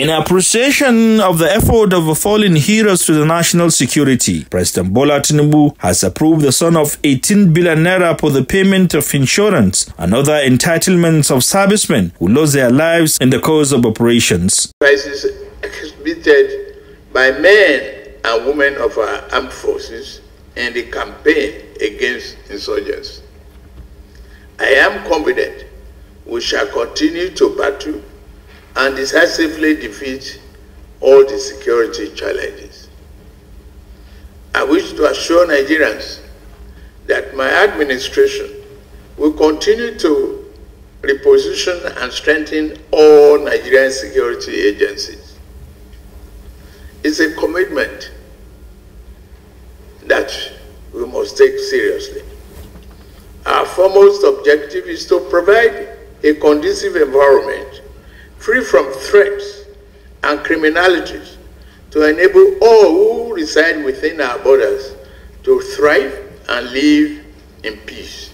In appreciation of the effort of fallen heroes to the national security, President Bola Tinubu has approved the sum of 18 billion naira for the payment of insurance and other entitlements of servicemen who lost their lives in the course of operations. Crisis exhibited by men and women of our armed forces in the campaign against insurgents. I am confident we shall continue to battle and decisively defeat all the security challenges. I wish to assure Nigerians that my administration will continue to reposition and strengthen all Nigerian security agencies. It's a commitment that we must take seriously. Our foremost objective is to provide a conducive environment free from threats and criminalities to enable all who reside within our borders to thrive and live in peace.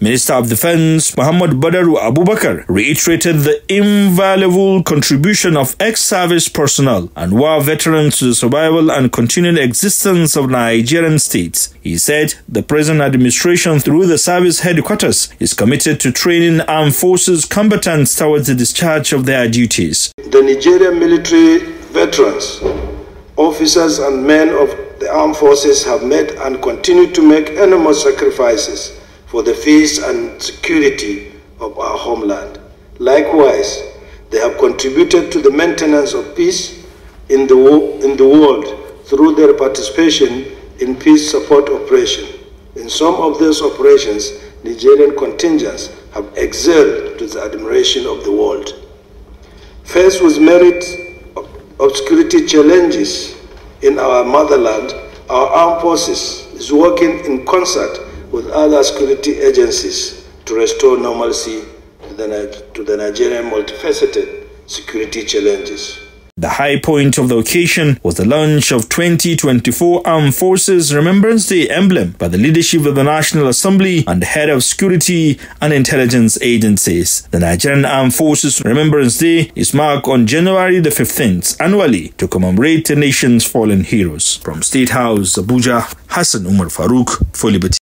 Minister of Defense Muhammad Badaru Abubakar reiterated the invaluable contribution of ex-service personnel and war veterans to the survival and continued existence of Nigerian states. He said the present administration through the service headquarters is committed to training armed forces combatants towards the discharge of their duties. The Nigerian military veterans, officers and men of the armed forces have made and continue to make enormous sacrifices for the peace and security of our homeland. Likewise, they have contributed to the maintenance of peace in the, in the world through their participation in peace support operations. In some of these operations, Nigerian contingents have excelled to the admiration of the world. Faced with myriad of security challenges in our motherland, our armed forces is working in concert with other security agencies to restore normalcy to the, Nigerian multifaceted security challenges. The high point of the occasion was the launch of 2024 Armed Forces Remembrance Day emblem by the leadership of the National Assembly and the head of security and intelligence agencies. The Nigerian Armed Forces Remembrance Day is marked on January the 15th annually to commemorate the nation's fallen heroes. From State House, Abuja, Hassan Umar Farouk for Liberty.